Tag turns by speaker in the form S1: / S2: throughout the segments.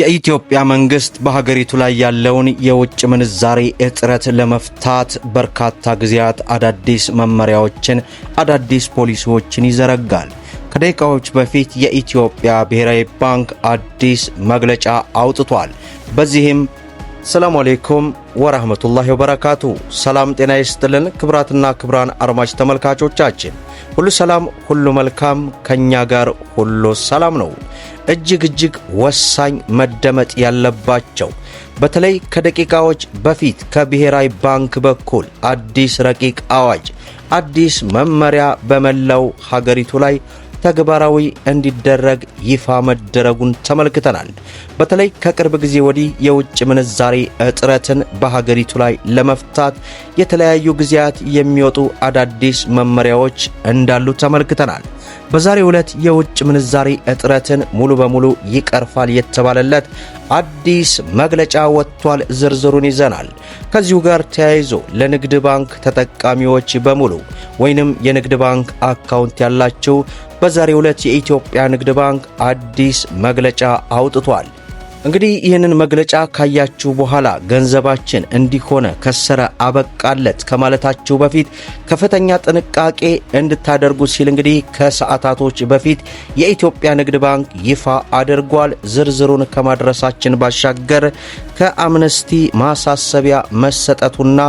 S1: የኢትዮጵያ መንግስት በሀገሪቱ ላይ ያለውን የውጭ ምንዛሬ እጥረት ለመፍታት በርካታ ጊዜያት አዳዲስ መመሪያዎችን፣ አዳዲስ ፖሊሲዎችን ይዘረጋል። ከደቂቃዎች በፊት የኢትዮጵያ ብሔራዊ ባንክ አዲስ መግለጫ አውጥቷል። በዚህም ሰላም አሌይኩም ወረህመቱላሂ ወበረካቱ። ሰላም ጤና ይስጥልን ክብራትና ክብራን አድማጭ ተመልካቾቻችን ሁሉ ሰላም፣ ሁሉ መልካም፣ ከእኛ ጋር ሁሉ ሰላም ነው። እጅግ እጅግ ወሳኝ መደመጥ ያለባቸው በተለይ ከደቂቃዎች በፊት ከብሔራዊ ባንክ በኩል አዲስ ረቂቅ አዋጅ፣ አዲስ መመሪያ በመላው ሀገሪቱ ላይ ተግባራዊ እንዲደረግ ይፋ መደረጉን ተመልክተናል። በተለይ ከቅርብ ጊዜ ወዲህ የውጭ ምንዛሬ እጥረትን በሀገሪቱ ላይ ለመፍታት የተለያዩ ጊዜያት የሚወጡ አዳዲስ መመሪያዎች እንዳሉ ተመልክተናል። በዛሬው ዕለት የውጭ ምንዛሪ እጥረትን ሙሉ በሙሉ ይቀርፋል የተባለለት አዲስ መግለጫ ወጥቷል። ዝርዝሩን ይዘናል። ከዚሁ ጋር ተያይዞ ለንግድ ባንክ ተጠቃሚዎች በሙሉ ወይንም የንግድ ባንክ አካውንት ያላችሁ በዛሬው ዕለት የኢትዮጵያ ንግድ ባንክ አዲስ መግለጫ አውጥቷል። እንግዲህ ይህንን መግለጫ ካያችሁ በኋላ ገንዘባችን እንዲሆነ ከሰረ አበቃለት ከማለታችሁ በፊት ከፍተኛ ጥንቃቄ እንድታደርጉ ሲል እንግዲህ ከሰዓታቶች በፊት የኢትዮጵያ ንግድ ባንክ ይፋ አድርጓል። ዝርዝሩን ከማድረሳችን ባሻገር ከአምነስቲ ማሳሰቢያ መሰጠቱና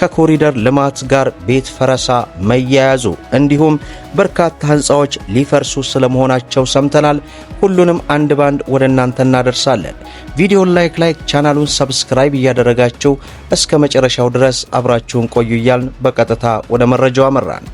S1: ከኮሪደር ልማት ጋር ቤት ፈረሳ መያያዙ እንዲሁም በርካታ ህንፃዎች ሊፈርሱ ስለመሆናቸው ሰምተናል። ሁሉንም አንድ ባንድ ወደ እናንተ እናደርሳለን። ቪዲዮን ላይክ ላይክ ቻናሉን ሰብስክራይብ እያደረጋችሁ እስከ መጨረሻው ድረስ አብራችሁን ቆዩ እያልን በቀጥታ ወደ መረጃው አመራን።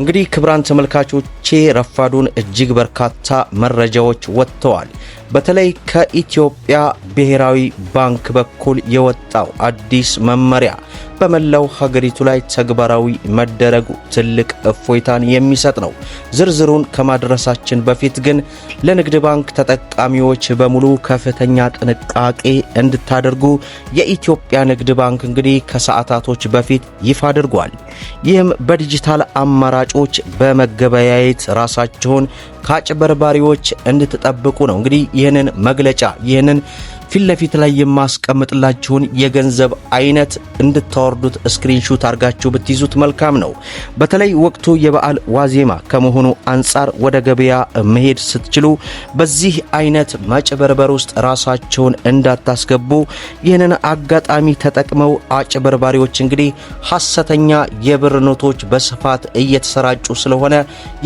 S1: እንግዲህ ክብራን ተመልካቾቼ ረፋዱን እጅግ በርካታ መረጃዎች ወጥተዋል። በተለይ ከኢትዮጵያ ብሔራዊ ባንክ በኩል የወጣው አዲስ መመሪያ በመላው ሀገሪቱ ላይ ተግባራዊ መደረጉ ትልቅ እፎይታን የሚሰጥ ነው። ዝርዝሩን ከማድረሳችን በፊት ግን ለንግድ ባንክ ተጠቃሚዎች በሙሉ ከፍተኛ ጥንቃቄ እንድታደርጉ የኢትዮጵያ ንግድ ባንክ እንግዲህ ከሰዓታቶች በፊት ይፋ አድርጓል። ይህም በዲጂታል አማራጮች በመገበያየት ራሳቸውን ከአጭበርባሪዎች እንድትጠብቁ ነው እንግዲህ ይህንን መግለጫ ይህንን ፊት ለፊት ላይ የማስቀምጥላችሁን የገንዘብ አይነት እንድታወርዱት ስክሪንሹት አርጋችሁ ብትይዙት መልካም ነው። በተለይ ወቅቱ የበዓል ዋዜማ ከመሆኑ አንጻር ወደ ገበያ መሄድ ስትችሉ በዚህ አይነት ማጭበርበር ውስጥ ራሳቸውን እንዳታስገቡ። ይህንን አጋጣሚ ተጠቅመው አጭበርባሪዎች እንግዲህ ሐሰተኛ የብር ኖቶች በስፋት እየተሰራጩ ስለሆነ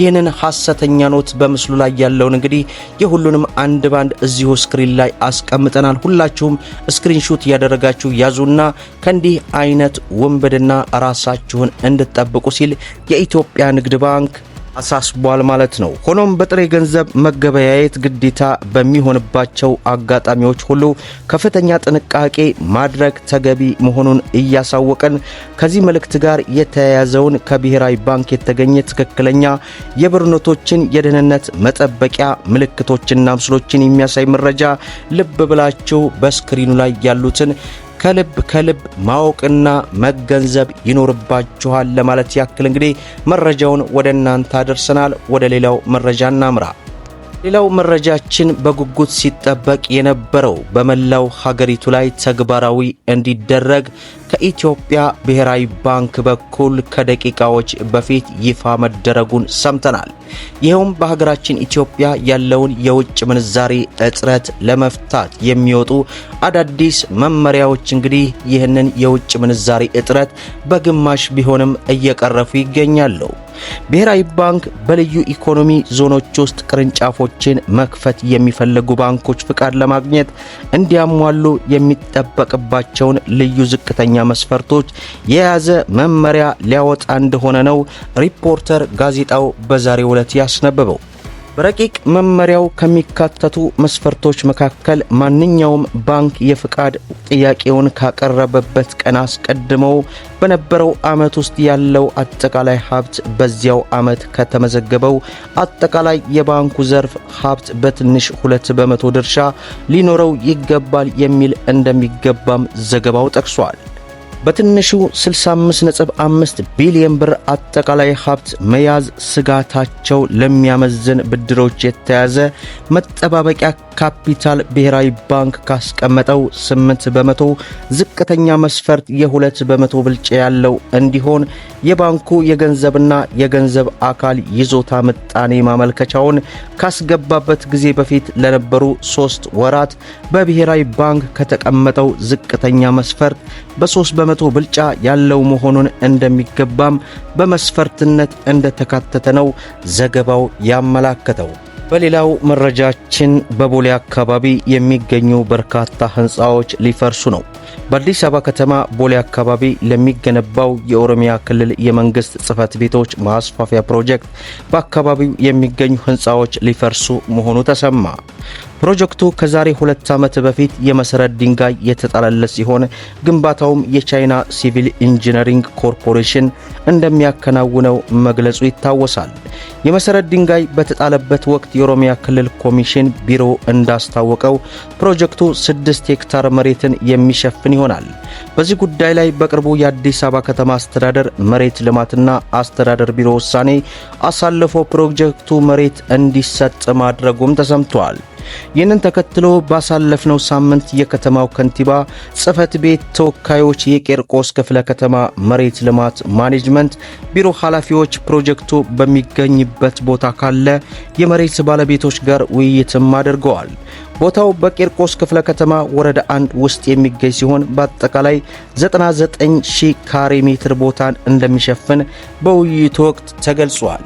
S1: ይህንን ሐሰተኛ ኖት በምስሉ ላይ ያለውን እንግዲህ የሁሉንም አንድ ባንድ እዚሁ ስክሪን ላይ አስቀምጠናል። ቪዲዮዋን ሁላችሁም ስክሪንሾት እያደረጋችሁ ያዙና ከእንዲህ አይነት ወንበድና ራሳችሁን እንድትጠብቁ ሲል የኢትዮጵያ ንግድ ባንክ አሳስቧል ማለት ነው። ሆኖም በጥሬ ገንዘብ መገበያየት ግዴታ በሚሆንባቸው አጋጣሚዎች ሁሉ ከፍተኛ ጥንቃቄ ማድረግ ተገቢ መሆኑን እያሳወቀን ከዚህ መልእክት ጋር የተያያዘውን ከብሔራዊ ባንክ የተገኘ ትክክለኛ የብር ኖቶችን የደህንነት መጠበቂያ ምልክቶችና ምስሎችን የሚያሳይ መረጃ ልብ ብላችሁ በስክሪኑ ላይ ያሉትን ከልብ ከልብ ማወቅና መገንዘብ ይኖርባችኋል ለማለት ያክል እንግዲህ መረጃውን ወደ እናንተ አደርሰናል። ወደ ሌላው መረጃ እናምራ። ሌላው መረጃችን በጉጉት ሲጠበቅ የነበረው በመላው ሀገሪቱ ላይ ተግባራዊ እንዲደረግ ከኢትዮጵያ ብሔራዊ ባንክ በኩል ከደቂቃዎች በፊት ይፋ መደረጉን ሰምተናል። ይኸውም በሀገራችን ኢትዮጵያ ያለውን የውጭ ምንዛሬ እጥረት ለመፍታት የሚወጡ አዳዲስ መመሪያዎች እንግዲህ ይህንን የውጭ ምንዛሬ እጥረት በግማሽ ቢሆንም እየቀረፉ ይገኛሉ። ብሔራዊ ባንክ በልዩ ኢኮኖሚ ዞኖች ውስጥ ቅርንጫፎችን መክፈት የሚፈልጉ ባንኮች ፍቃድ ለማግኘት እንዲያሟሉ የሚጠበቅባቸውን ልዩ ዝቅተኛ መስፈርቶች የያዘ መመሪያ ሊያወጣ እንደሆነ ነው ሪፖርተር ጋዜጣው በዛሬው ዕለት ያስነበበው። በረቂቅ መመሪያው ከሚካተቱ መስፈርቶች መካከል ማንኛውም ባንክ የፍቃድ ጥያቄውን ካቀረበበት ቀን አስቀድመው በነበረው ዓመት ውስጥ ያለው አጠቃላይ ሀብት በዚያው ዓመት ከተመዘገበው አጠቃላይ የባንኩ ዘርፍ ሀብት በትንሽ ሁለት በመቶ ድርሻ ሊኖረው ይገባል የሚል እንደሚገባም ዘገባው ጠቅሷል። በትንሹ 65.5 ቢሊዮን ብር አጠቃላይ ሀብት መያዝ ስጋታቸው ለሚያመዝን ብድሮች የተያዘ መጠባበቂያ ካፒታል ብሔራዊ ባንክ ካስቀመጠው 8 በመቶ ዝቅተኛ መስፈርት የሁለት በመቶ ብልጫ ያለው እንዲሆን የባንኩ የገንዘብና የገንዘብ አካል ይዞታ ምጣኔ ማመልከቻውን ካስገባበት ጊዜ በፊት ለነበሩ ሶስት ወራት በብሔራዊ ባንክ ከተቀመጠው ዝቅተኛ መስፈርት በ3 በመቶ ብልጫ ያለው መሆኑን እንደሚገባም በመስፈርትነት እንደተካተተ ነው ዘገባው ያመላከተው። በሌላው መረጃችን በቦሌ አካባቢ የሚገኙ በርካታ ሕንፃዎች ሊፈርሱ ነው። በአዲስ አበባ ከተማ ቦሌ አካባቢ ለሚገነባው የኦሮሚያ ክልል የመንግስት ጽህፈት ቤቶች ማስፋፊያ ፕሮጀክት በአካባቢው የሚገኙ ህንፃዎች ሊፈርሱ መሆኑ ተሰማ። ፕሮጀክቱ ከዛሬ ሁለት ዓመት በፊት የመሰረት ድንጋይ የተጣለለት ሲሆን ግንባታውም የቻይና ሲቪል ኢንጂነሪንግ ኮርፖሬሽን እንደሚያከናውነው መግለጹ ይታወሳል። የመሰረት ድንጋይ በተጣለበት ወቅት የኦሮሚያ ክልል ኮሚሽን ቢሮ እንዳስታወቀው ፕሮጀክቱ ስድስት ሄክታር መሬትን የሚሸፍን ይሆናል። በዚህ ጉዳይ ላይ በቅርቡ የአዲስ አበባ ከተማ አስተዳደር መሬት ልማትና አስተዳደር ቢሮ ውሳኔ አሳልፎ ፕሮጀክቱ መሬት እንዲሰጥ ማድረጉም ተሰምቷል። ይህንን ተከትሎ ባሳለፍነው ሳምንት የከተማው ከንቲባ ጽህፈት ቤት ተወካዮች፣ የቄርቆስ ክፍለ ከተማ መሬት ልማት ማኔጅመንት ቢሮ ኃላፊዎች ፕሮጀክቱ በሚገኝበት ቦታ ካለ የመሬት ባለቤቶች ጋር ውይይትም አድርገዋል። ቦታው በቄርቆስ ክፍለ ከተማ ወረዳ አንድ ውስጥ የሚገኝ ሲሆን በአጠቃላይ 99 ሺህ ካሬ ሜትር ቦታን እንደሚሸፍን በውይይቱ ወቅት ተገልጿል።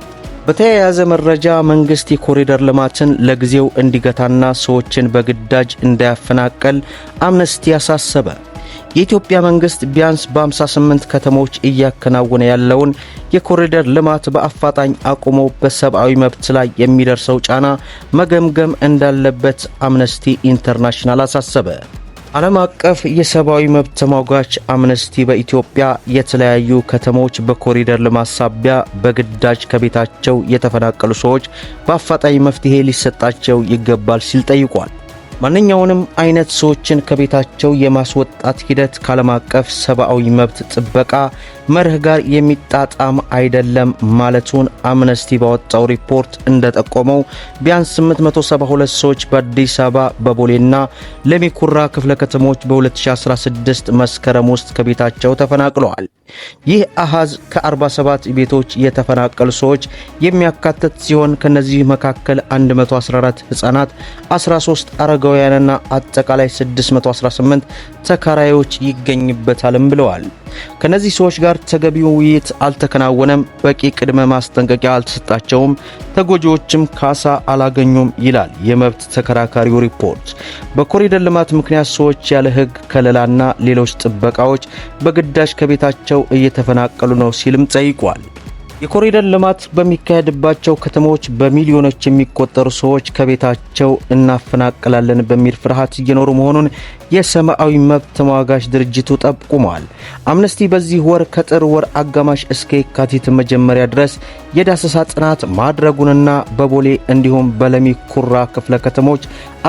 S1: በተያያዘ መረጃ መንግስት የኮሪደር ልማትን ለጊዜው እንዲገታና ሰዎችን በግዳጅ እንዳያፈናቀል አምነስቲ ያሳሰበ። የኢትዮጵያ መንግስት ቢያንስ በ58 ከተሞች እያከናወነ ያለውን የኮሪደር ልማት በአፋጣኝ አቁሞ በሰብአዊ መብት ላይ የሚደርሰው ጫና መገምገም እንዳለበት አምነስቲ ኢንተርናሽናል አሳሰበ። ዓለም አቀፍ የሰብአዊ መብት ተሟጋች አምነስቲ በኢትዮጵያ የተለያዩ ከተሞች በኮሪደር ልማት ሳቢያ በግዳጅ ከቤታቸው የተፈናቀሉ ሰዎች በአፋጣኝ መፍትሄ ሊሰጣቸው ይገባል ሲል ጠይቋል። ማንኛውንም አይነት ሰዎችን ከቤታቸው የማስወጣት ሂደት ከዓለም አቀፍ ሰብአዊ መብት ጥበቃ መርህ ጋር የሚጣጣም አይደለም ማለቱን አምነስቲ ባወጣው ሪፖርት እንደጠቆመው ቢያንስ 872 ሰዎች በአዲስ አበባ በቦሌና ለሚኩራ ክፍለ ከተሞች በ2016 መስከረም ውስጥ ከቤታቸው ተፈናቅለዋል። ይህ አሃዝ ከ47 ቤቶች የተፈናቀሉ ሰዎች የሚያካትት ሲሆን ከነዚህ መካከል 114 ሕፃናት፣ 13 አረጋ ኢትዮጵያውያንና አጠቃላይ 618 ተከራዮች ይገኝበታልም ብለዋል። ከነዚህ ሰዎች ጋር ተገቢው ውይይት አልተከናወነም፣ በቂ ቅድመ ማስጠንቀቂያ አልተሰጣቸውም፣ ተጎጂዎችም ካሳ አላገኙም ይላል የመብት ተከራካሪው ሪፖርት። በኮሪደር ልማት ምክንያት ሰዎች ያለ ሕግ ከለላና ሌሎች ጥበቃዎች በግዳጅ ከቤታቸው እየተፈናቀሉ ነው ሲልም ጠይቋል። የኮሪደር ልማት በሚካሄድባቸው ከተሞች በሚሊዮኖች የሚቆጠሩ ሰዎች ከቤታቸው እናፈናቅላለን በሚል ፍርሃት እየኖሩ መሆኑን የሰብአዊ መብት ተሟጋች ድርጅቱ ጠቁመዋል። አምነስቲ በዚህ ወር ከጥር ወር አጋማሽ እስከ የካቲት መጀመሪያ ድረስ የዳሰሳ ጥናት ማድረጉንና በቦሌ እንዲሁም በለሚ ኩራ ክፍለ ከተሞች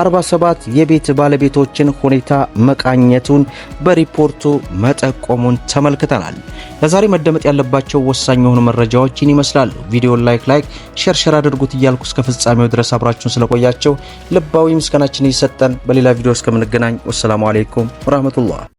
S1: 47 የቤት ባለቤቶችን ሁኔታ መቃኘቱን በሪፖርቱ መጠቆሙን ተመልክተናል። ለዛሬ መደመጥ ያለባቸው ወሳኝ የሆኑ መረጃዎች መረጃዎችን ይመስላሉ። ቪዲዮን ላይክ ላይክ ሼር ሼር አድርጉት እያልኩ እስከ ፍጻሜው ድረስ አብራችሁን ስለቆያቸው ልባዊ ምስጋናችን እየሰጠን በሌላ ቪዲዮ እስከምንገናኝ ወሰላሙ አሌይኩም ወራህመቱላህ